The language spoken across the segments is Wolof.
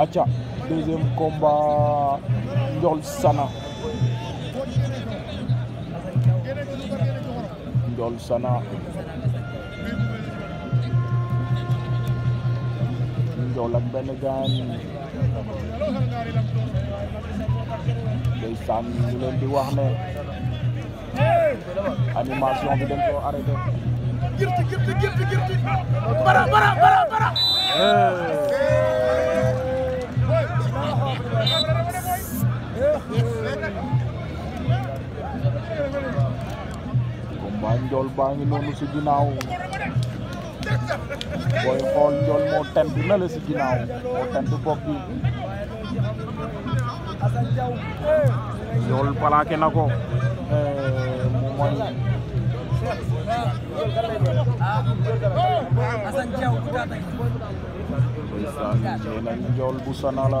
Acha deuxième combat Ndiol Sana Ndiol Sana Ndiol ak benn gaan ndeysaan ñu leen di wax ne animation bi dañ ko arrêté. girti combat njool baa ngi si ginnaaw booy xool njool moo tent na si ginnaaw moo tent bopp bi njool palaake na ko mu mooy Asan Jaw bu Njool bu Sanala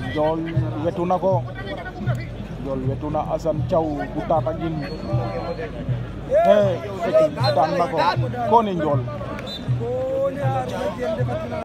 Ndiol wetu na ko Ndiol wetu na Assane Thiaw bu Tataguine eh daan na ko koni Ndiol